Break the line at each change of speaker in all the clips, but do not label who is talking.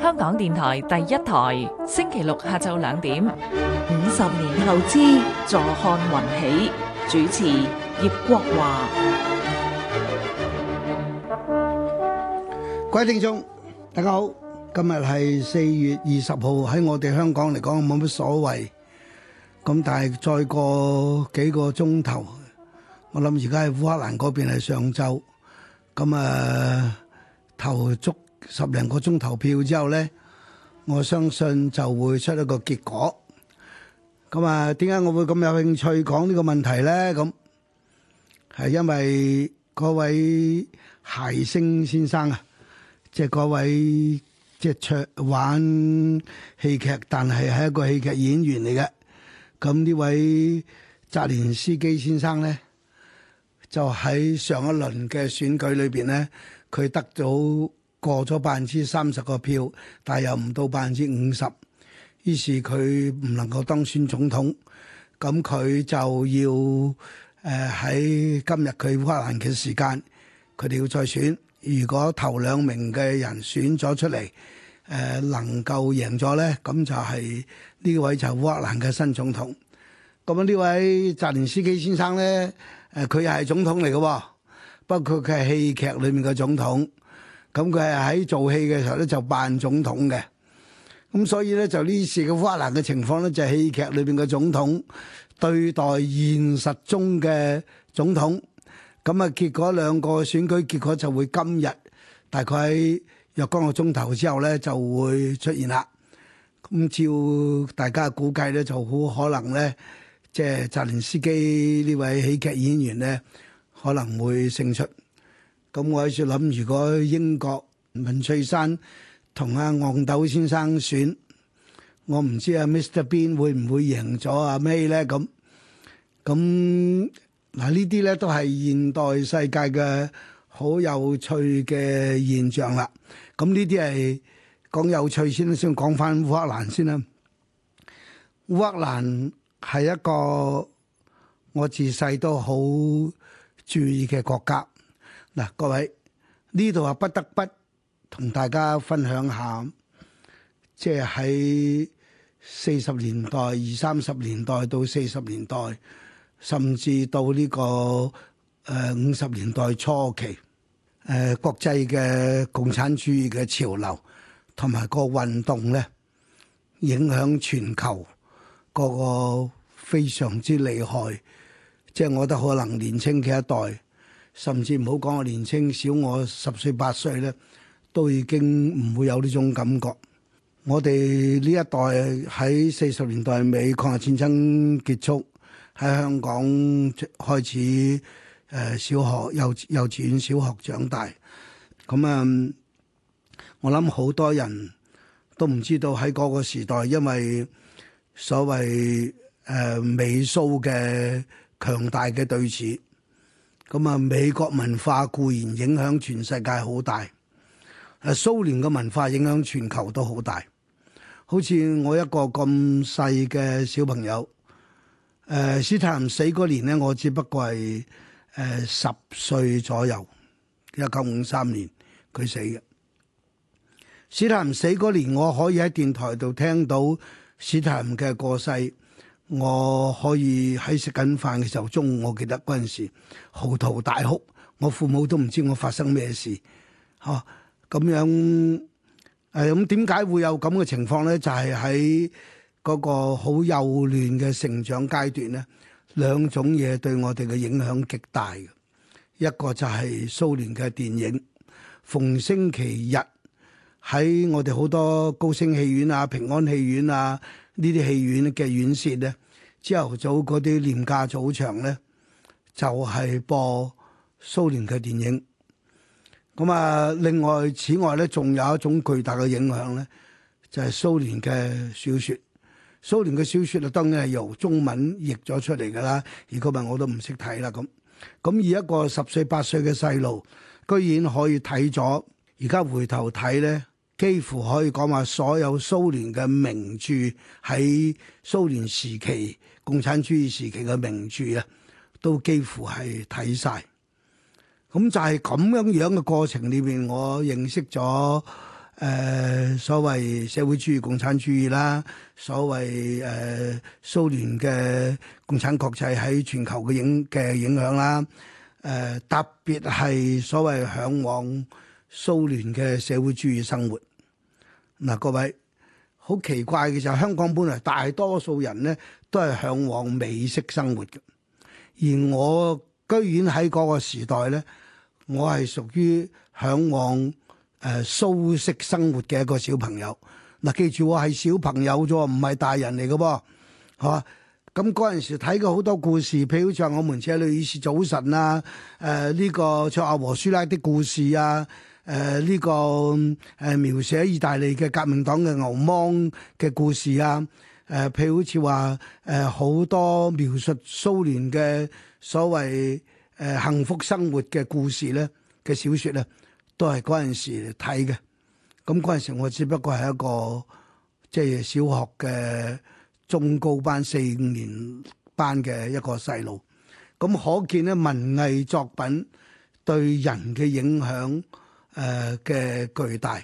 香港電台第一台，星期六下晝兩點。五十年後之，坐看雲起。主持葉國華。各位聽眾，大家好。今日係四月二十號，喺我哋香港嚟講冇乜所謂。咁但係再過幾個鐘頭，我諗而家喺烏克蘭嗰邊係上晝。咁啊，投足十零個鐘投票之後咧，我相信就會出一個結果。咁啊，點解我會咁有興趣講呢個問題咧？咁係因為 𠮶 位諧星先生啊，即係 𠮶 位即係出玩戲劇，但係係一個戲劇演員嚟嘅。咁呢位澤連斯基先生咧？就喺上一輪嘅選舉裏邊咧，佢得咗過咗百分之三十個票，但係又唔到百分之五十，於是佢唔能夠當選總統。咁佢就要誒喺今日佢烏克蘭嘅時間，佢哋要再選。如果頭兩名嘅人選咗出嚟，誒能夠贏咗咧，咁就係呢位就係烏克蘭嘅新總統。咁呢位澤連斯基先生咧。誒佢又係總統嚟嘅，不過佢係戲劇裏面嘅總統，咁佢係喺做戲嘅時候咧就扮總統嘅，咁所以咧就呢次嘅烏克蘭嘅情況咧就係戲劇裏面嘅總統對待現實中嘅總統，咁啊結果兩個選舉結果就會今日大概若干個鐘頭之後咧就會出現啦，咁照大家估計咧就好可能咧。即係澤連斯基呢位喜劇演員咧，可能會勝出。咁我喺度諗，如果英國文翠山同阿憨豆先生選，我唔知阿 Mr. Bean 會唔會贏咗阿 May 咧？咁咁嗱，呢啲咧都係現代世界嘅好有趣嘅現象啦。咁呢啲係講有趣先啦，先講翻烏克蘭先啦，烏克蘭。係一個我自細都好注意嘅國家。嗱，各位呢度啊，不得不同大家分享下，即係喺四十年代、二三十年代到四十年代，甚至到呢個誒五十年代初期，誒國際嘅共產主義嘅潮流同埋個運動咧，影響全球。個個非常之厲害，即係我覺得可能年青嘅一代，甚至唔好講我年青少我十歲八歲咧，都已經唔會有呢種感覺。我哋呢一代喺四十年代尾抗日戰爭結束，喺香港開始誒小學、幼幼稚園、小學長大，咁啊，我諗好多人都唔知道喺嗰個時代，因為，所謂誒、呃、美蘇嘅強大嘅對峙，咁、呃、啊美國文化固然影響全世界好大，誒、呃、蘇聯嘅文化影響全球都好大。好似我一個咁細嘅小朋友，誒、呃、斯大林死嗰年咧，我只不過係誒十歲左右，一九五三年佢死嘅。斯大林死嗰年，我可以喺電台度聽到。史太林嘅過世，我可以喺食緊飯嘅時候，中午我記得嗰陣時嚎啕大哭，我父母都唔知我發生咩事，吓、啊，咁樣誒，咁點解會有咁嘅情況咧？就係，喺嗰個好幼嫩嘅成長階段咧，兩種嘢對我哋嘅影響極大嘅，一個就係蘇聯嘅電影《逢星期日》。喺我哋好多高升戲院啊、平安戲院啊呢啲戲院嘅院線咧，朝頭早嗰啲廉價早場咧，就係播蘇聯嘅電影。咁啊，另外此外咧，仲有一種巨大嘅影響咧，就係蘇聯嘅小説。蘇聯嘅小説啊，當然係由中文譯咗出嚟㗎啦。如果唔係我都唔識睇啦咁。咁而一個十歲八歲嘅細路，居然可以睇咗，而家回頭睇咧。幾乎可以講話，所有蘇聯嘅名著喺蘇聯時期，共產主義時期嘅名著啊，都幾乎係睇晒。咁就係咁樣樣嘅過程裏邊，我認識咗誒、呃、所謂社會主義、共產主義啦，所謂誒蘇聯嘅共產國際喺全球嘅影嘅影響啦。誒、呃，特別係所謂向往蘇聯嘅社會主義生活。嗱，各位好奇怪嘅就是，香港本來大多數人咧都係向往美式生活嘅，而我居然喺嗰個時代咧，我係屬於向往誒蘇式生活嘅一個小朋友。嗱、呃，記住我係小朋友啫，唔係大人嚟嘅噃，吓，咁嗰陣時睇過好多故事，譬如好似我們這裡已是早晨啊，誒、呃、呢、這個卓婭和舒拉啲故事啊。誒呢、呃這個誒、呃、描寫意大利嘅革命黨嘅牛虻嘅故事啊，誒、呃、譬如好似話誒好多描述蘇聯嘅所謂誒、呃、幸福生活嘅故事咧嘅小說咧，都係嗰陣時嚟睇嘅。咁嗰陣時我只不過係一個即係、就是、小學嘅中高班四五年班嘅一個細路，咁、嗯、可見咧文藝作品對人嘅影響。誒嘅、呃、巨大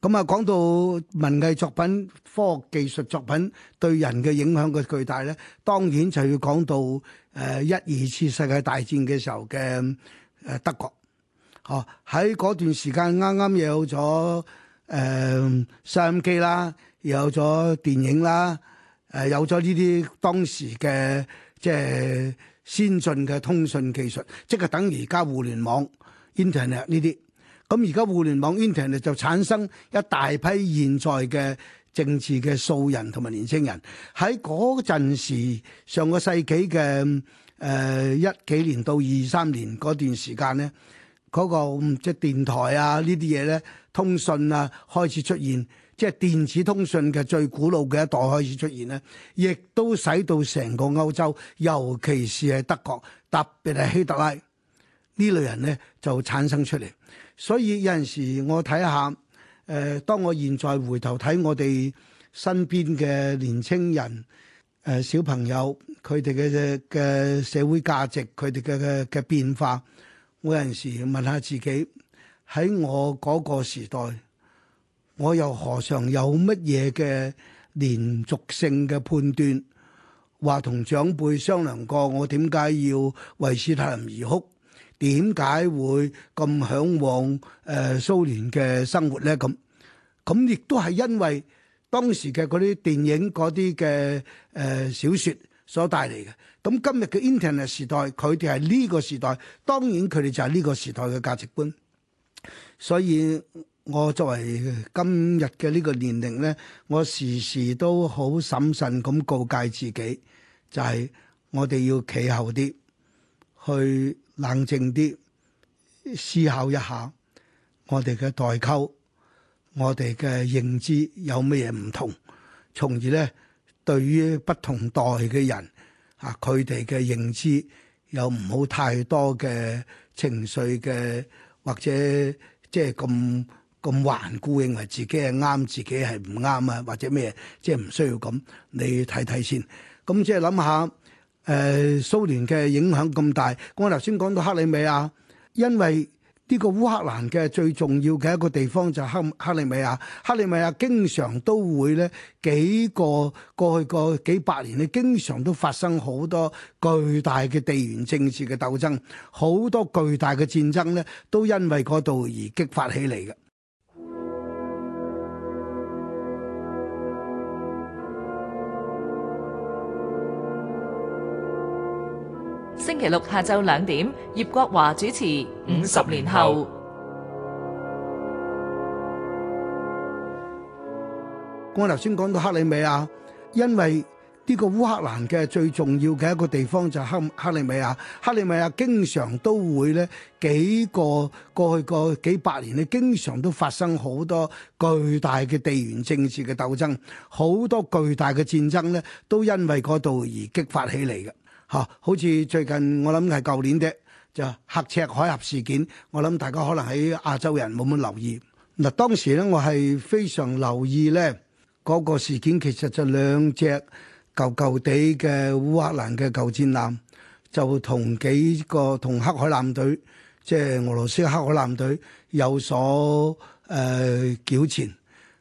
咁啊！講、嗯、到文藝作品、科學技術作品對人嘅影響嘅巨大咧，當然就要講到誒、呃、一二次世界大戰嘅時候嘅誒、呃、德國哦。喺嗰段時間啱啱有咗誒、呃、收音機啦，又有咗電影啦，誒、呃、有咗呢啲當時嘅即係先進嘅通訊技術，即係等而家互聯網 internet 呢啲。咁而家互聯網 Internet 就產生一大批現在嘅政治嘅素人同埋年青人，喺嗰陣時上個世紀嘅誒一幾年到二三年嗰段時間咧，嗰、嗰個、嗯、即係電台啊呢啲嘢咧，通訊啊開始出現，即係電子通訊嘅最古老嘅一代開始出現咧，亦都使到成個歐洲，尤其是係德國，特別係希特拉呢類人咧，就產生出嚟。所以有陣時，我睇下，誒、呃，當我現在回頭睇我哋身邊嘅年青人，誒、呃、小朋友，佢哋嘅嘅社會價值，佢哋嘅嘅嘅變化，我有陣時問下自己，喺我嗰個時代，我又何嘗有乜嘢嘅連續性嘅判斷，話同長輩商量過，我點解要為史太林而哭？點解會咁向往誒蘇聯嘅生活咧？咁咁亦都係因為當時嘅嗰啲電影、嗰啲嘅誒小説所帶嚟嘅。咁今日嘅 Internet 時代，佢哋係呢個時代，當然佢哋就係呢個時代嘅價值觀。所以我作為今日嘅呢個年齡咧，我時時都好審慎咁告誡自己，就係我哋要企後啲去。冷靜啲思考一下我，我哋嘅代溝，我哋嘅認知有咩嘢唔同，從而咧對於不同代嘅人啊，佢哋嘅認知有唔好太多嘅情緒嘅，或者即係咁咁頑固，認為自己係啱，自己係唔啱啊，或者咩嘢，即係唔需要咁，你睇睇先，咁即係諗下。誒、呃、蘇聯嘅影響咁大，我頭先講到克里米亞，因為呢個烏克蘭嘅最重要嘅一個地方就係克克里米亞，克里米亞經常都會咧幾個過去個幾百年咧，經常都發生好多巨大嘅地緣政治嘅鬥爭，好多巨大嘅戰爭咧都因為嗰度而激發起嚟嘅。星期六下晝兩點，葉國華主持。五十年後，我頭先講到克里米亞，因為呢個烏克蘭嘅最重要嘅一個地方就係克克里米亞。克里米亞經常都會咧，幾個過去過幾百年咧，經常都發生好多巨大嘅地緣政治嘅鬥爭，好多巨大嘅戰爭咧，都因為嗰度而激發起嚟嘅。嚇！好似最近我諗係舊年的，就刻赤海峽事件，我諗大家可能喺亞洲人冇乜留意。嗱，當時咧我係非常留意咧嗰、那個事件，其實就兩隻舊舊地嘅烏克蘭嘅舊戰艦，就同幾個同黑海艦隊，即、就、係、是、俄羅斯黑海艦隊有所誒糾纏，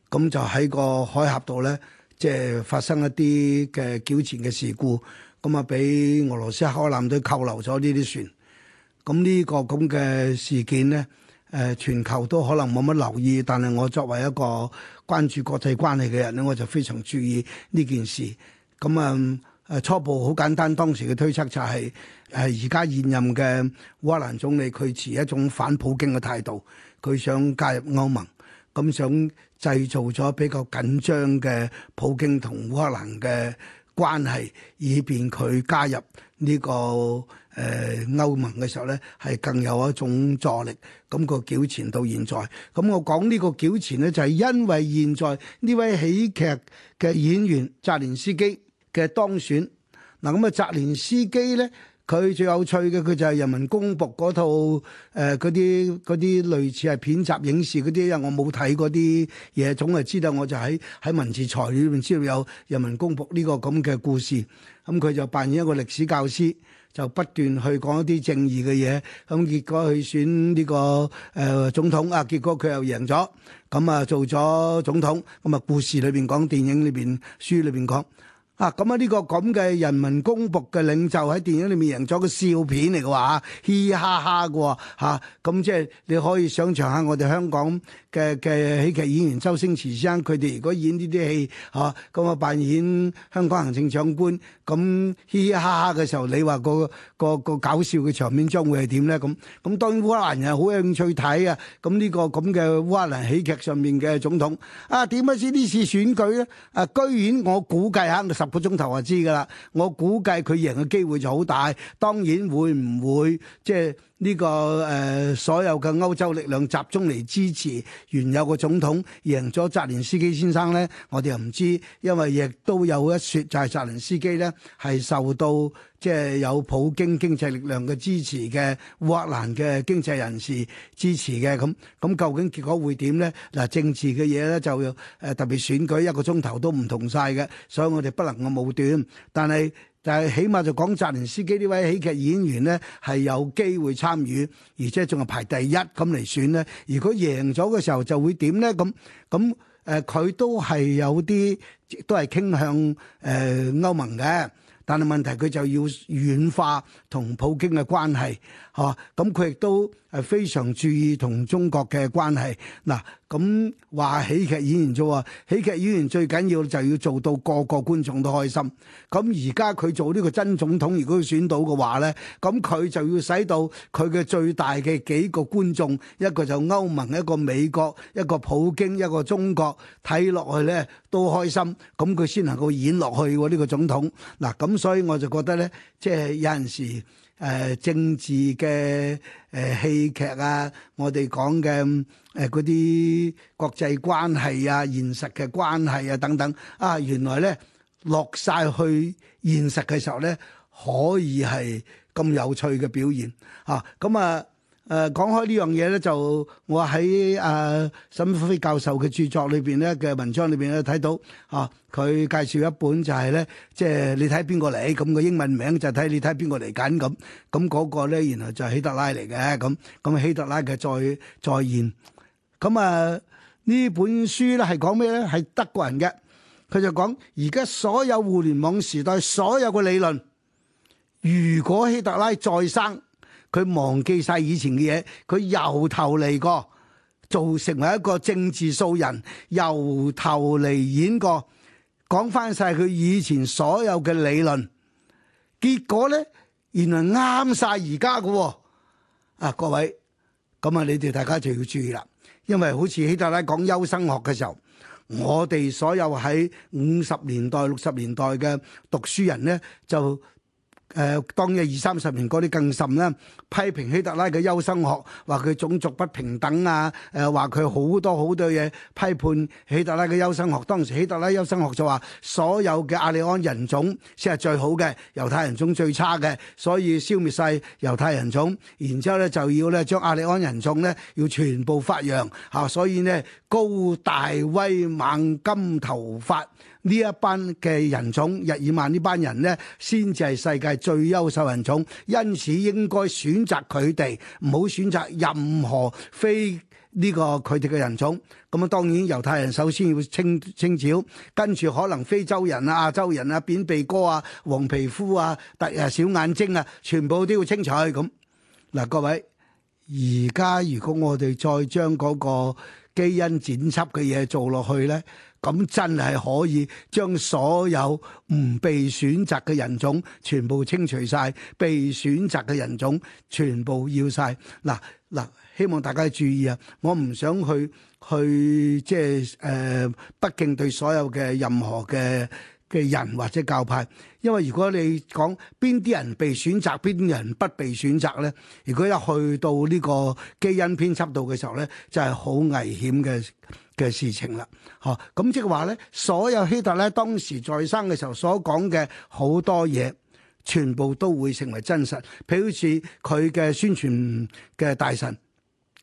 咁、呃、就喺個海峽度咧。即係發生一啲嘅糾纏嘅事故，咁啊，俾俄羅斯海艦隊扣留咗呢啲船。咁呢個咁嘅事件呢，誒全球都可能冇乜留意，但係我作為一個關注國際關係嘅人咧，我就非常注意呢件事。咁啊，初步好簡單，當時嘅推測就係誒而家現任嘅烏克蘭總理佢持一種反普京嘅態度，佢想加入歐盟，咁想，製造咗比較緊張嘅普京同烏克蘭嘅關係，以便佢加入呢、這個誒、呃、歐盟嘅時候咧，係更有一種助力。咁、那個糾纏到現在，咁我講呢個糾纏咧，就係、是、因為現在呢位喜劇嘅演員澤連斯基嘅當選。嗱，咁啊，澤連斯基咧。那個佢最有趣嘅，佢就係人民公僕嗰套，誒嗰啲啲類似係片集影視嗰啲，因為我冇睇嗰啲嘢，總係知道我就喺喺文字材料裏面知道有人民公僕呢個咁嘅故事。咁、嗯、佢就扮演一個歷史教師，就不斷去講一啲正義嘅嘢。咁、嗯、結果去選呢、這個誒、呃、總統啊，結果佢又贏咗。咁、嗯、啊做咗總統，咁、嗯、啊故事裏邊講，電影裏邊書裏邊講。啊！咁啊，呢個咁嘅人民公僕嘅領袖喺電影裏面贏咗個笑片嚟嘅話，嘻嘻哈哈嘅吓，咁即係你可以想象下我哋香港。嘅嘅喜劇演員周星馳先生，佢哋如果演呢啲戲，嚇咁啊我扮演香港行政長官，咁嘻嘻哈哈嘅時候，你話個個個搞笑嘅場面將會係點呢？咁咁當然烏克蘭人好有興趣睇啊！咁呢、呢個咁嘅烏克蘭喜劇上面嘅總統，啊點解知呢次選舉呢？啊居然我估計下、啊，十個鐘頭就知噶啦，我估計佢贏嘅機會就好大。當然會唔會即係？就是呢、這個誒、呃、所有嘅歐洲力量集中嚟支持原有嘅總統贏咗澤連斯基先生呢，我哋又唔知，因為亦都有一説就係澤連斯基呢，係受到即係有普京經濟力量嘅支持嘅烏克蘭嘅經濟人士支持嘅咁，咁究竟結果會點呢？嗱，政治嘅嘢呢，就要誒特別選舉一個鐘頭都唔同晒嘅，所以我哋不能咁武斷，但係。就係起碼就講澤連斯基呢位喜劇演員咧係有機會參與，而且仲係排第一咁嚟選咧。如果贏咗嘅時候就會點咧？咁咁誒，佢、呃、都係有啲都係傾向誒、呃、歐盟嘅，但係問題佢就要軟化同普京嘅關係，嚇咁佢亦都。係非常注意同中國嘅關係。嗱，咁話喜劇演員啫喎，喜劇演員最緊要就要做到個個觀眾都開心。咁而家佢做呢個真總統，如果佢選到嘅話呢，咁佢就要使到佢嘅最大嘅幾個觀眾，一個就歐盟，一個美國，一個普京，一個中國睇落去呢都開心，咁佢先能夠演落去呢個總統。嗱，咁所以我就覺得呢，即係有陣時。誒、呃、政治嘅誒、呃、戲劇啊，我哋講嘅誒嗰啲國際關係啊、現實嘅關係啊等等，啊原來咧落晒去現實嘅時候咧，可以係咁有趣嘅表現嚇，咁啊～誒，講開呢樣嘢咧，就我喺阿沈飛教授嘅著作裏邊咧嘅文章裏邊咧睇到，啊佢介紹一本就係咧，即係你睇邊個嚟，咁個英文名就睇你睇邊個嚟緊咁，咁嗰個咧然後就係希特拉嚟嘅，咁咁希特拉嘅再再現，咁啊呢本書咧係講咩咧？係德國人嘅，佢就講而家所有互聯網時代所有嘅理論，如果希特拉再生。佢忘記晒以前嘅嘢，佢由頭嚟過，做成為一個政治素人，由頭嚟演過，講翻晒佢以前所有嘅理論，結果呢，原來啱晒而家嘅，啊各位，咁啊，你哋大家就要注意啦，因為好似希特拉講優生學嘅時候，我哋所有喺五十年代六十年代嘅讀書人呢，就。誒、呃、當嘅二三十年嗰啲更甚啦，批評希特拉嘅優生學，話佢種族不平等啊！誒，話佢好多好多嘢批判希特拉嘅優生學，當時希特拉優生學就話所有嘅亞利安人種先係最好嘅，猶太人種最差嘅，所以消滅晒猶太人種，然之後咧就要咧將亞利安人種咧要全部發揚嚇、啊，所以呢，高大威猛金頭髮。呢一班嘅人種日耳曼呢班人呢，先至係世界最優秀人種，因此應該選擇佢哋，唔好選擇任何非呢個佢哋嘅人種。咁啊，當然猶太人首先要清清剿，跟住可能非洲人啊、亞洲人啊、扁鼻哥啊、黃皮膚啊、突啊小眼睛啊，全部都要清除。咁嗱，各位，而家如果我哋再將嗰個基因剪輯嘅嘢做落去呢。咁真係可以將所有唔被選擇嘅人種全部清除晒，被選擇嘅人種全部要晒。嗱嗱，希望大家注意啊！我唔想去去即係誒，畢、呃、竟對所有嘅任何嘅嘅人或者教派，因為如果你講邊啲人被選擇，邊啲人不被選擇呢？如果一去到呢個基因編輯度嘅時候呢，就係、是、好危險嘅。嘅事情啦，嗬，咁即係話咧，所有希特拉當時在生嘅時候所講嘅好多嘢，全部都會成為真實。譬如好似佢嘅宣傳嘅大臣，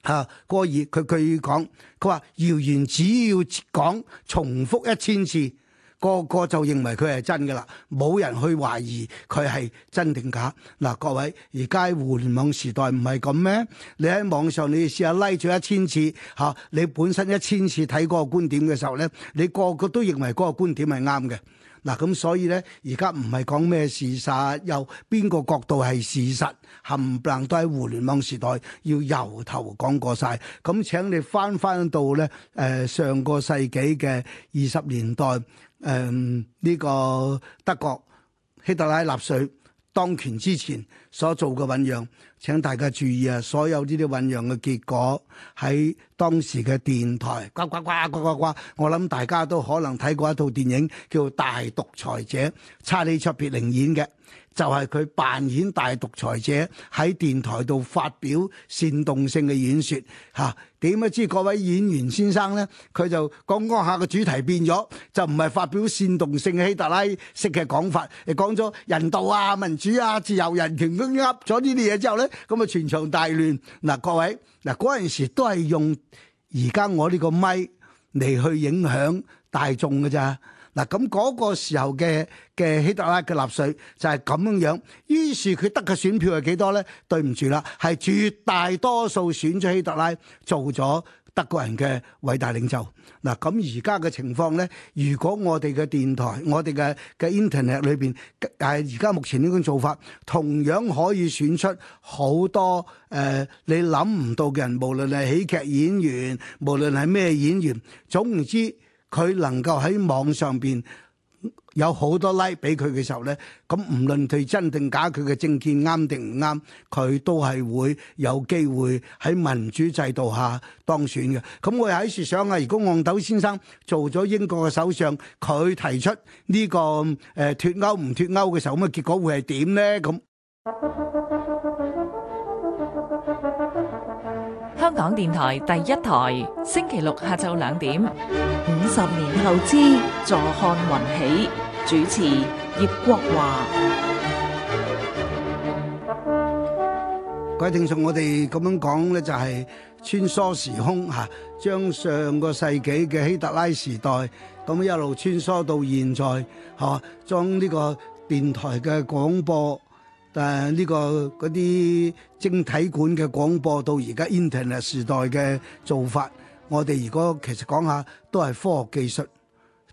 吓戈爾，佢佢講，佢話謠言只要講重複一千次，個個就認為佢係真噶啦，冇人去懷疑佢係真定假。嗱，各位而家互聯網時代唔係咁咩？你喺網上你試下拉住一千次，吓、啊、你本身一千次睇嗰個觀點嘅時候呢，你個個都認為嗰個觀點係啱嘅。嗱、啊，咁所以呢，而家唔係講咩事實，又邊個角度係事實，冚唪唥都喺互聯網時代要由頭講過晒。咁、啊、請你翻翻到呢，誒、呃、上個世紀嘅二十年代。誒呢、嗯這個德國希特拉納粹當權之前，所做嘅醖釀，請大家注意啊！所有呢啲醖釀嘅結果喺當時嘅電台呱呱呱呱呱呱。我諗大家都可能睇過一套電影，叫《大獨裁者》，查理卓別林演嘅，就係佢扮演大獨裁者喺電台度發表煽動性嘅演説。嚇點不知各位演員先生咧，佢就講講下個主題變咗，就唔係發表煽動性希特拉式嘅講法，而講咗人道啊、民主啊、自由、人權。佢噏咗呢啲嘢之後呢，咁啊全場大亂。嗱，各位嗱嗰陣時都係用而家我呢個咪嚟去影響大眾㗎咋。嗱，咁嗰個時候嘅嘅希特拉嘅納粹就係咁樣樣。於是佢得嘅選票係幾多呢？對唔住啦，係絕大多數選咗希特拉做咗。德國人嘅偉大領袖嗱，咁而家嘅情況咧，如果我哋嘅電台、我哋嘅嘅 internet 裏邊，誒而家目前呢種做法，同樣可以選出好多誒、呃、你諗唔到嘅人，無論係喜劇演員，無論係咩演員，總唔知佢能夠喺網上邊，有好多 like 俾佢嘅時候呢，咁無論佢真定假，佢嘅政見啱定唔啱，佢都係會有機會喺民主制度下當選嘅。咁我喺樹想啊，如果憨豆先生做咗英國嘅首相，佢提出呢個誒脫歐唔脫歐嘅時候，咁啊結果會係點呢？咁香港電台第一台，星期六下晝兩點，五十年後之，坐看雲起。主持葉國華，各位聽眾，我哋咁樣講咧，就係穿梭時空吓，將、啊、上個世紀嘅希特拉時代，咁一路穿梭到現在，吓、啊，將呢個電台嘅廣播誒，呢、啊呢個嗰啲晶體管嘅廣播，到而家 Internet 時代嘅做法，我哋如果其實講下，都係科學技術。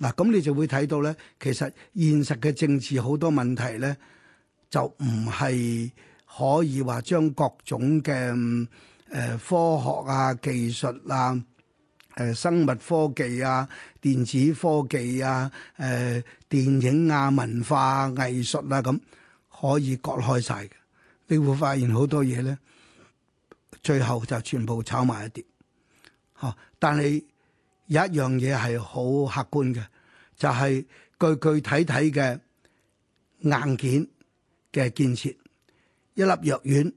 嗱，咁你就會睇到咧，其實現實嘅政治好多問題咧，就唔係可以話將各種嘅誒、呃、科學啊、技術啊、誒、呃、生物科技啊、電子科技啊、誒、呃、電影啊、文化、啊、藝術啊咁可以割開晒嘅，你會發現好多嘢咧，最後就全部炒埋一碟，嚇！但係。有一樣嘢係好客觀嘅，就係、是、具具體體嘅硬件嘅建設，一粒藥丸、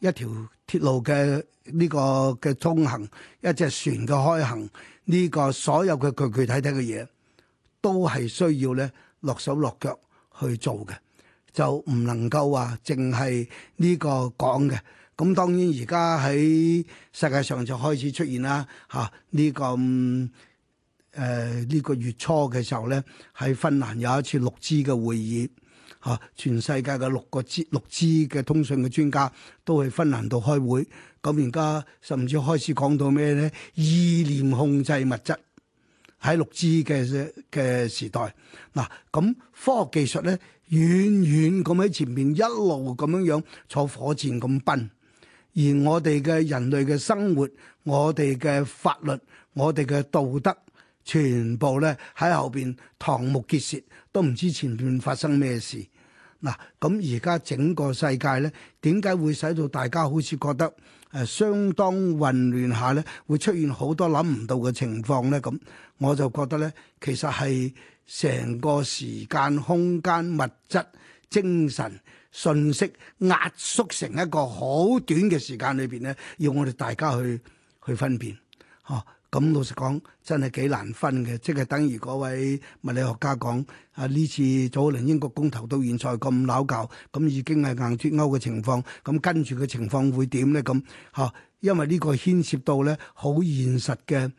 一條鐵路嘅呢個嘅通行、一隻船嘅開行，呢、這個所有嘅具具體體嘅嘢，都係需要咧落手落腳去做嘅，就唔能夠話淨係呢個講嘅。咁當然而家喺世界上就開始出現啦，嚇呢個誒呢個月初嘅時候咧，喺芬蘭有一次六支嘅會議，嚇全世界嘅六個支六支嘅通訊嘅專家都去芬蘭度開會。咁而家甚至開始講到咩咧？意念控制物質喺六支嘅嘅時代，嗱，咁科學技術咧遠遠咁喺前面一路咁樣樣坐火箭咁奔。而我哋嘅人類嘅生活，我哋嘅法律，我哋嘅道德，全部呢喺後邊瞠目結舌，都唔知前邊發生咩事。嗱，咁而家整個世界呢，點解會使到大家好似覺得誒、呃、相當混亂下呢，會出現好多諗唔到嘅情況呢？咁我就覺得呢，其實係成個時間、空間、物質、精神。信息壓縮成一個好短嘅時間裏邊咧，要我哋大家去去分辨，嚇、哦、咁老實講真係幾難分嘅。即係等於嗰位物理學家講啊，呢次早輪英國公投到現在咁攪搞，咁、嗯、已經係硬脱歐嘅情況，咁、嗯、跟住嘅情況會點咧？咁、嗯、嚇、哦，因為呢個牽涉到咧好現實嘅誒、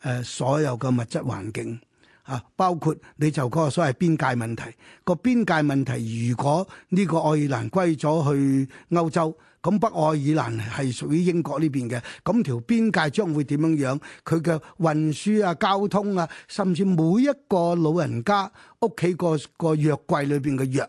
呃、所有嘅物質環境。啊！包括你就嗰個所謂邊界問題，個邊界問題，如果呢個愛爾蘭歸咗去歐洲，咁北愛爾蘭係屬於英國呢邊嘅，咁條邊界將會點樣樣？佢嘅運輸啊、交通啊，甚至每一個老人家屋企個個藥櫃裏邊嘅藥，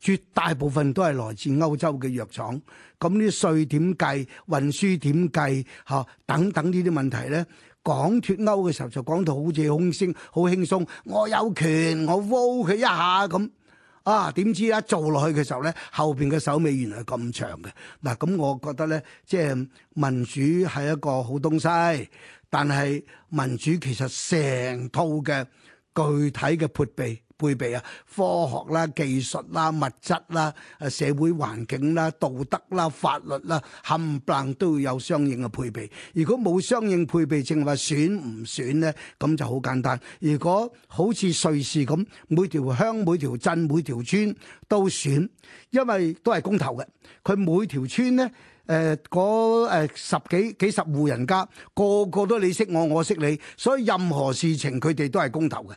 絕大部分都係來自歐洲嘅藥廠，咁啲稅點計、運輸點計，嚇等等呢啲問題咧。講脱歐嘅時候就講到好似空聲好輕鬆，我有權我撲佢一下咁啊！點知咧做落去嘅時候咧，後邊嘅手尾原來咁長嘅嗱。咁、啊嗯、我覺得咧，即係民主係一個好東西，但係民主其實成套嘅具體嘅配備。配備啊，科學啦、技術啦、物質啦、社會環境啦、道德啦、法律啦，冚唪唥都要有相應嘅配備。如果冇相應配備，正話選唔選呢？咁就好簡單。如果好似瑞士咁，每條鄉、每條鎮、每條村都選，因為都係公投嘅。佢每條村呢，誒嗰誒十幾幾十戶人家，個個都你識我，我識你，所以任何事情佢哋都係公投嘅。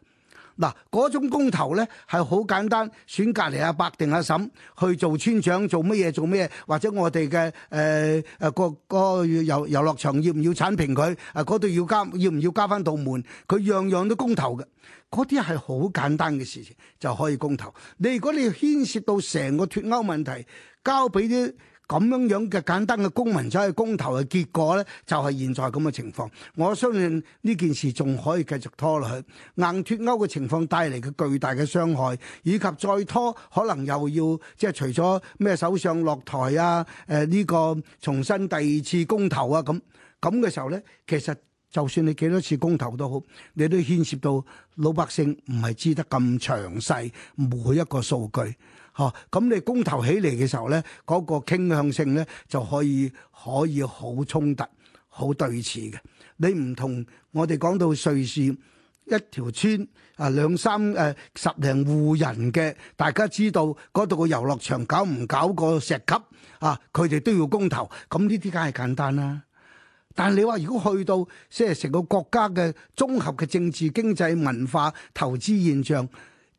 嗱，嗰種公投咧係好簡單，選隔離阿伯定阿嬸去做村長，做乜嘢做咩嘢？或者我哋嘅誒誒個個遊遊樂場要唔要剷平佢？啊，嗰度要加要唔要加翻道門？佢樣樣都公投嘅，嗰啲係好簡單嘅事情就可以公投。你如果你牽涉到成個脱歐問題，交俾啲。咁樣樣嘅簡單嘅公民走去公投嘅結果呢，就係現在咁嘅情況。我相信呢件事仲可以繼續拖落去，硬脱歐嘅情況帶嚟嘅巨大嘅傷害，以及再拖可能又要即係除咗咩首相落台啊，誒呢個重新第二次公投啊咁。咁嘅時候呢，其實就算你幾多次公投都好，你都牽涉到老百姓唔係知得咁詳細每一個數據。嚇！咁、哦、你公投起嚟嘅時候咧，嗰、那個傾向性咧就可以可以好衝突、好對峙嘅。你唔同我哋講到瑞士一條村啊，兩三誒、啊、十零戶人嘅，大家知道嗰度個遊樂場搞唔搞個石級啊？佢哋都要公投，咁呢啲梗係簡單啦。但係你話如果去到即係成個國家嘅綜合嘅政治、經濟、文化、投資現象。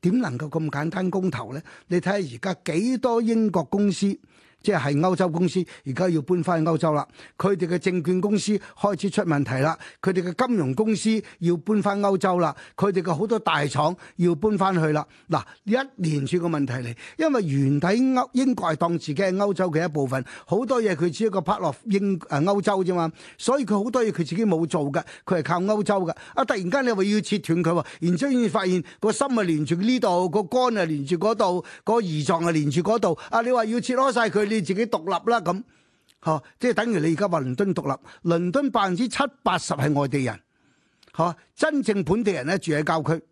點能夠咁簡單公投咧？你睇下而家幾多英國公司？即係歐洲公司而家要搬翻去歐洲啦，佢哋嘅證券公司開始出問題啦，佢哋嘅金融公司要搬翻歐洲啦，佢哋嘅好多大廠要搬翻去啦，嗱，一連串嘅問題嚟，因為原體歐英國係當自己係歐洲嘅一部分，好多嘢佢只一個 part 落英誒歐洲啫嘛，所以佢好多嘢佢自己冇做嘅，佢係靠歐洲嘅，啊突然間你話要切斷佢，然之後你發現、個心啊連住呢度，個肝啊連住嗰度，個胰臟啊連住嗰度，啊你話要切開晒佢。你自己獨立啦咁，嚇，即係等於你而家話倫敦獨立，倫敦百分之七八十係外地人，嚇，真正本地人咧住喺郊區。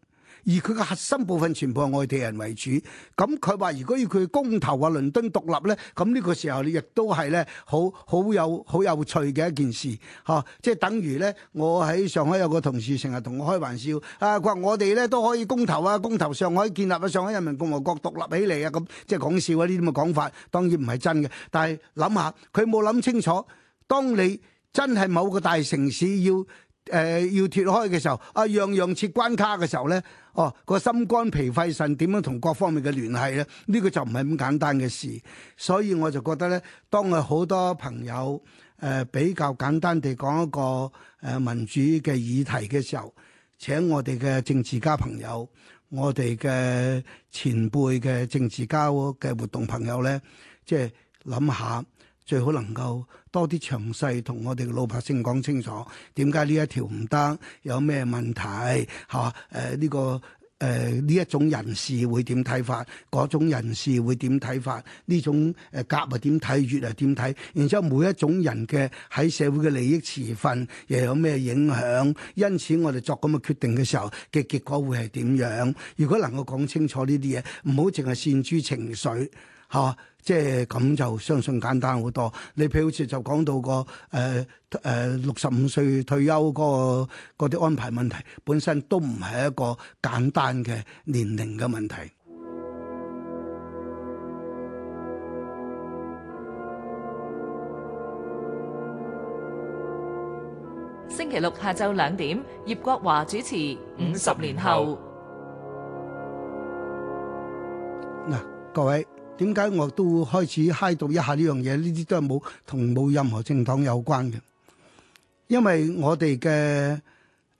而佢嘅核心部分全部係外地人為主，咁佢話如果要佢公投啊倫敦獨立呢，咁呢個時候咧亦都係呢，好好有好有趣嘅一件事，嚇、啊，即係等於呢，我喺上海有個同事成日同我開玩笑，啊佢話我哋呢都可以公投啊，公投上海建立啊，上海人民共和國獨立起嚟啊，咁即係講笑啊，呢啲咁嘅講法當然唔係真嘅，但係諗下佢冇諗清楚，當你真係某個大城市要誒、呃、要脫開嘅時候，啊樣樣設關卡嘅時候呢。哦，那個心肝脾肺腎點樣同各方面嘅聯繫咧？呢、呢個就唔係咁簡單嘅事，所以我就覺得咧，當我好多朋友誒、呃、比較簡單地講一個誒民主嘅議題嘅時候，請我哋嘅政治家朋友、我哋嘅前輩嘅政治家嘅活動朋友咧，即係諗下。最好能夠多啲詳細同我哋老百姓講清楚，點解呢一條唔得，有咩問題嚇？誒呢、呃這個誒呢、呃、一種人士會點睇法，嗰種人士會點睇法，呢種誒甲啊點睇，乙啊點睇，然之後每一種人嘅喺社會嘅利益持份又有咩影響？因此我哋作咁嘅決定嘅時候嘅結果會係點樣？如果能夠講清楚呢啲嘢，唔好淨係善諸情緒嚇。即係咁就相信簡單好多。你譬如好似就講到個誒誒六十五歲退休嗰個嗰啲安排問題，本身都唔係一個簡單嘅年齡嘅問題。星期六下晝兩點，葉國華主持《五十年後》五五。嗱、啊，各位。點解我都開始嗨讀一下呢樣嘢？呢啲都係冇同冇任何政黨有關嘅，因為我哋嘅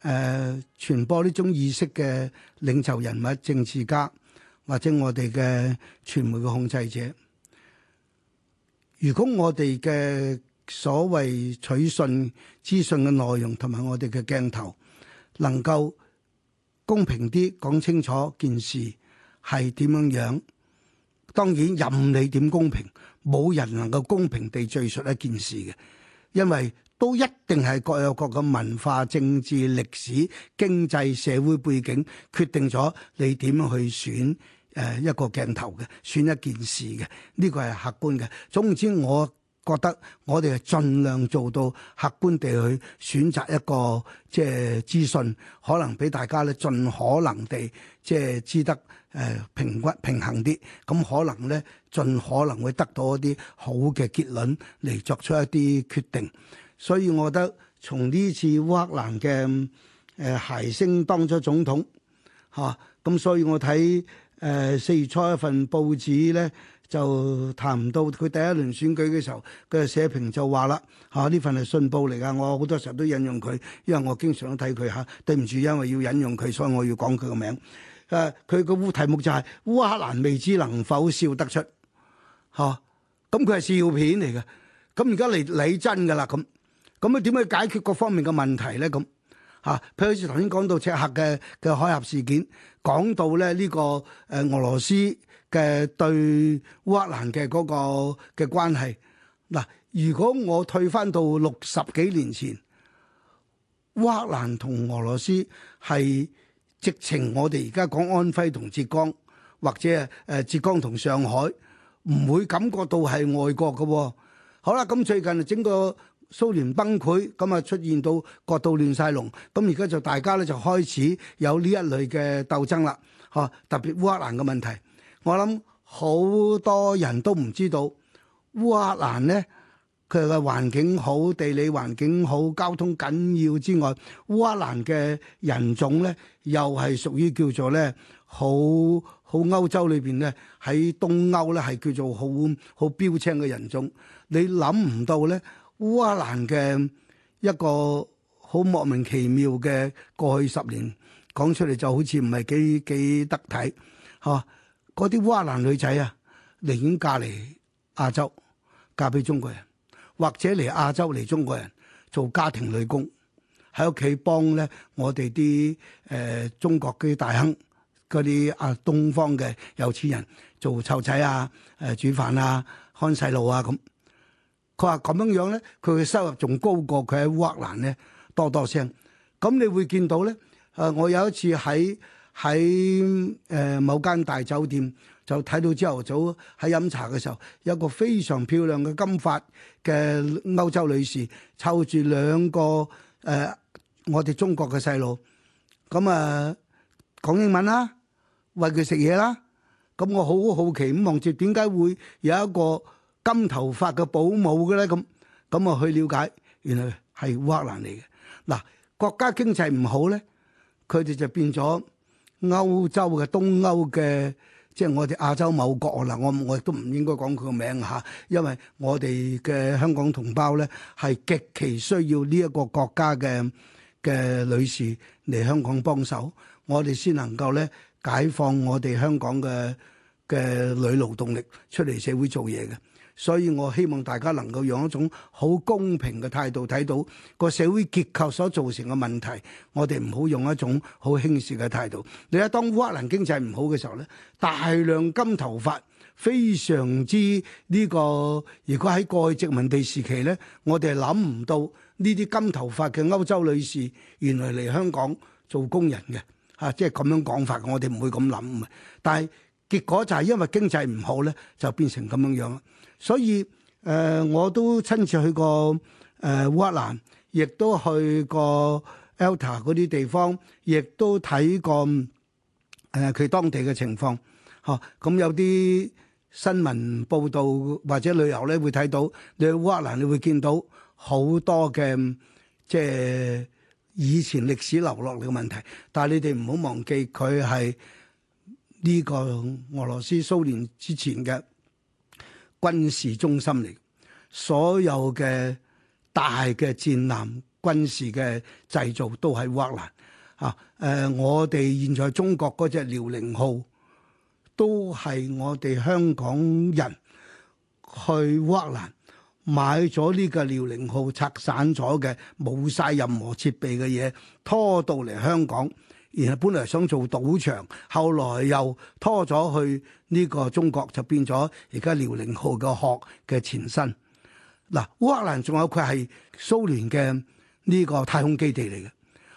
誒傳播呢種意識嘅領袖人物、政治家或者我哋嘅傳媒嘅控制者，如果我哋嘅所謂取信資訊嘅內容同埋我哋嘅鏡頭能夠公平啲講清楚件事係點樣樣？當然，任你點公平，冇人能夠公平地敘述一件事嘅，因為都一定係各有各嘅文化、政治、歷史、經濟、社會背景決定咗你點樣去選誒一個鏡頭嘅，選一件事嘅，呢個係客觀嘅。總之，我覺得我哋盡量做到客觀地去選擇一個即係資訊，可能俾大家咧盡可能地即係知得誒平均平衡啲，咁可能咧盡可能會得到一啲好嘅結論嚟作出一啲決定。所以，我覺得從呢次烏克蘭嘅誒諧星當咗總統吓，咁所以我睇誒四月初一份報紙咧。就談唔到佢第一輪選舉嘅時候，佢嘅社評就話啦嚇，呢、啊、份係信報嚟㗎，我好多時候都引用佢，因為我經常都睇佢嚇。對唔住，因為要引用佢，所以我要講佢個名。誒、啊，佢個烏題目就係、是、烏克蘭未知能否笑得出嚇。咁佢係笑片嚟嘅。咁而家嚟理真㗎啦，咁咁咧點樣解決各方面嘅問題咧？咁、嗯、嚇、啊，譬如好似頭先講到赤客嘅嘅海峽事件，講到咧呢個誒俄羅斯。嘅對烏克蘭嘅嗰個嘅關係，嗱，如果我退翻到六十幾年前，烏克蘭同俄羅斯係直情我哋而家講安徽同浙江，或者誒、呃、浙江同上海，唔會感覺到係外國㗎喎、哦。好啦，咁、嗯、最近整個蘇聯崩潰，咁、嗯、啊出現到國度亂晒龍，咁而家就大家咧就開始有呢一類嘅鬥爭啦，嚇、嗯，特別烏克蘭嘅問題。我諗好多人都唔知道烏克蘭咧，佢嘅環境好、地理環境好、交通緊要之外，烏克蘭嘅人種咧又係屬於叫做咧好好歐洲裏邊咧喺東歐咧，係叫做好好標青嘅人種。你諗唔到咧，烏克蘭嘅一個好莫名其妙嘅過去十年，講出嚟就好似唔係幾幾得體嚇。啊嗰啲烏克蘭女仔啊，寧願嫁嚟亞洲，嫁俾中國人，或者嚟亞洲嚟中國人做家庭女工，喺屋企幫咧我哋啲誒中國嗰啲大亨、嗰啲啊東方嘅有錢人做湊仔啊、誒、呃、煮飯啊、看細路啊咁。佢話咁樣樣咧，佢嘅收入仲高過佢喺烏克蘭咧多多聲。咁你會見到咧？誒、呃，我有一次喺喺誒某間大酒店就睇到朝頭早喺飲茶嘅時候，有個非常漂亮嘅金髮嘅歐洲女士湊住兩個誒、呃、我哋中國嘅細路，咁啊講英文啦，餵佢食嘢啦。咁我好好奇咁望住，點解會有一個金頭髮嘅保姆嘅咧？咁咁啊去了解，原來係烏克蘭嚟嘅。嗱，國家經濟唔好咧，佢哋就變咗。歐洲嘅東歐嘅，即係我哋亞洲某國啦，我我亦都唔應該講佢個名嚇，因為我哋嘅香港同胞咧，係極其需要呢一個國家嘅嘅女士嚟香港幫手，我哋先能夠咧，解放我哋香港嘅嘅女勞動力出嚟社會做嘢嘅。所以我希望大家能夠用一種好公平嘅態度睇到個社會結構所造成嘅問題，我哋唔好用一種好輕視嘅態度。你睇當烏克蘭經濟唔好嘅時候咧，大量金頭髮非常之呢個，如果喺過去殖民地時期咧，我哋諗唔到呢啲金頭髮嘅歐洲女士原來嚟香港做工人嘅嚇，即係咁樣講法。我哋唔會咁諗，但係結果就係因為經濟唔好咧，就變成咁樣樣。所以誒、呃，我都親自去過誒烏克蘭，亦、呃、都去過 Yalta 嗰啲地方，亦都睇過誒佢、呃、當地嘅情況。嚇、哦，咁有啲新聞報道或者旅遊咧，會睇到你去烏克蘭，你會見到好多嘅即係以前歷史留落嚟嘅問題。但係你哋唔好忘記佢係呢個俄羅斯蘇聯之前嘅軍事中心嚟，所有嘅大嘅戰艦軍事嘅製造都喺烏克蘭啊！誒、呃，我哋現在中國嗰隻遼寧號都係我哋香港人去烏克蘭買咗呢個遼寧號拆散咗嘅，冇晒任何設備嘅嘢拖到嚟香港。然後本來想做賭場，後來又拖咗去呢個中國，就變咗而家遼寧號嘅殼嘅前身。嗱、呃，烏克蘭仲有佢係蘇聯嘅呢個太空基地嚟嘅，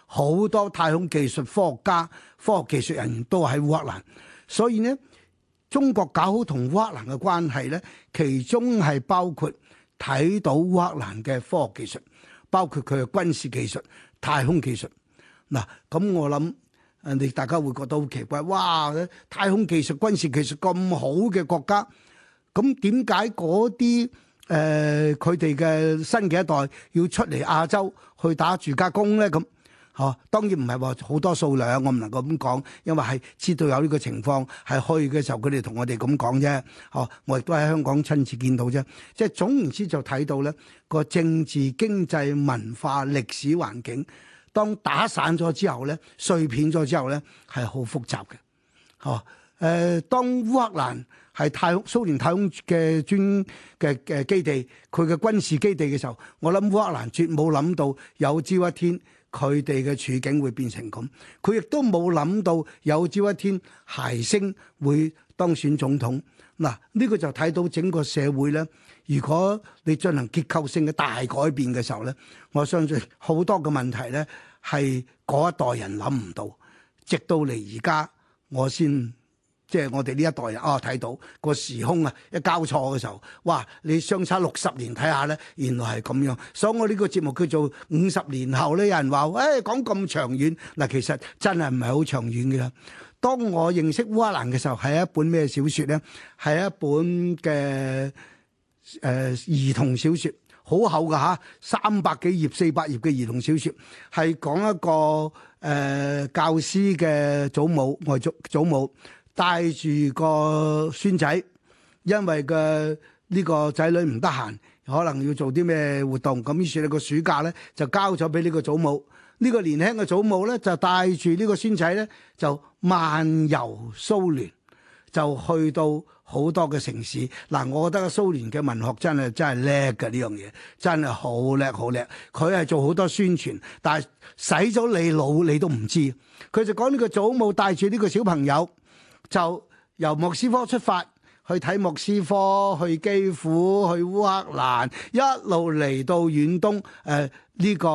好多太空技術科學家、科學技術人員都喺烏克蘭。所以呢，中國搞好同烏克蘭嘅關係咧，其中係包括睇到烏克蘭嘅科學技術，包括佢嘅軍事技術、太空技術。嗱、呃，咁我諗。誒，你大家會覺得好奇怪，哇！太空技術、軍事技術咁好嘅國家，咁點解嗰啲誒佢哋嘅新嘅一代要出嚟亞洲去打住家工呢？咁嚇、哦，當然唔係話好多數量，我唔能夠咁講，因為係知道有呢個情況，係去嘅時候佢哋同我哋咁講啫。嚇、哦，我亦都喺香港親自見到啫。即係總言之就睇到呢、呢個政治、經濟、文化、歷史環境。當打散咗之後咧，碎片咗之後咧係好複雜嘅。哦，誒、呃，當烏克蘭係太蘇聯太空嘅專嘅嘅基地，佢嘅軍事基地嘅時候，我諗烏克蘭絕冇諗到有朝一天佢哋嘅處境會變成咁，佢亦都冇諗到有朝一天諧星會當選總統。嗱，呢個就睇到整個社會咧。如果你進行結構性嘅大改變嘅時候咧，我相信好多嘅問題咧係嗰一代人諗唔到，直到嚟而家我先。即係我哋呢一代人啊，睇到個時空啊一交錯嘅時候，哇！你相差六十年睇下咧，原來係咁樣。所以我呢個節目叫做《五十年後》咧，有人話喂、欸，講咁長遠嗱，其實真係唔係好長遠嘅啦。當我認識烏克蘭嘅時候，係一本咩小説咧？係一本嘅誒、呃、兒童小説，好厚㗎吓，三百幾頁、四百頁嘅兒童小説，係講一個誒、呃、教師嘅祖母、外祖祖母。帶住個孫仔，因為嘅呢個仔女唔得閒，可能要做啲咩活動，咁於是咧個暑假呢，就交咗俾呢個祖母。呢個年輕嘅祖母呢，就帶住呢個孫仔呢，就漫遊蘇聯，就去到好多嘅城市。嗱，我覺得嘅蘇聯嘅文學真係真係叻嘅呢樣嘢，真係好叻好叻。佢係做好多宣傳，但係洗咗你腦你都唔知。佢就講呢個祖母帶住呢個小朋友。就由莫斯科出發去睇莫斯科，去基輔，去烏克蘭，一路嚟到遠東，誒、呃、呢、這個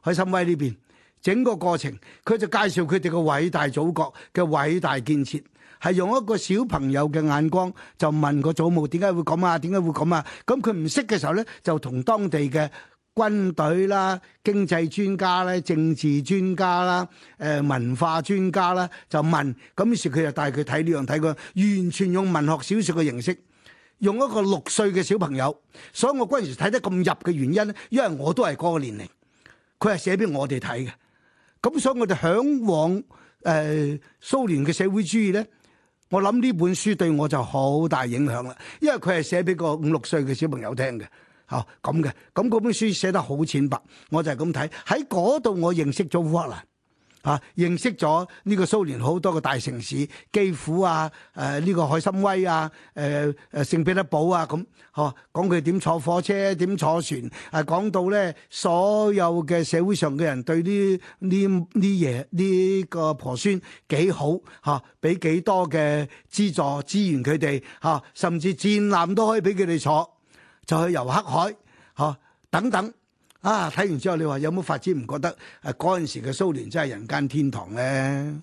海參崴呢邊，整個過程佢就介紹佢哋嘅偉大祖國嘅偉大建設，係用一個小朋友嘅眼光就問個祖母點解會咁啊？點解會咁啊？咁佢唔識嘅時候呢，就同當地嘅軍隊啦、經濟專家咧、政治專家啦、誒、呃、文化專家啦，就問咁，於是佢就帶佢睇呢樣睇，佢完全用文學小説嘅形式，用一個六歲嘅小朋友。所以我嗰陣時睇得咁入嘅原因咧，因為我都係嗰個年齡，佢係寫俾我哋睇嘅。咁所以，我哋向往誒、呃、蘇聯嘅社會主義咧，我諗呢本書對我就好大影響啦，因為佢係寫俾個五六歲嘅小朋友聽嘅。嚇咁嘅，咁嗰、哦、本書寫得好淺白，我就係咁睇喺嗰度，我認識咗烏克蘭，嚇、啊、認識咗呢個蘇聯好多個大城市，基輔啊，誒呢個海參崴啊，誒、啊、誒、啊、聖彼得堡啊，咁、啊、嚇、啊、講佢點坐火車，點坐船，係、啊、講到咧所有嘅社會上嘅人對呢呢呢嘢呢個婆孫幾好嚇，俾、啊、幾多嘅資助資源佢哋嚇，甚至戰艦都可以俾佢哋坐。就去遊黑海，嚇等等啊！睇完之後，你話有冇發展唔覺得？誒，嗰陣時嘅蘇聯真係人間天堂咧。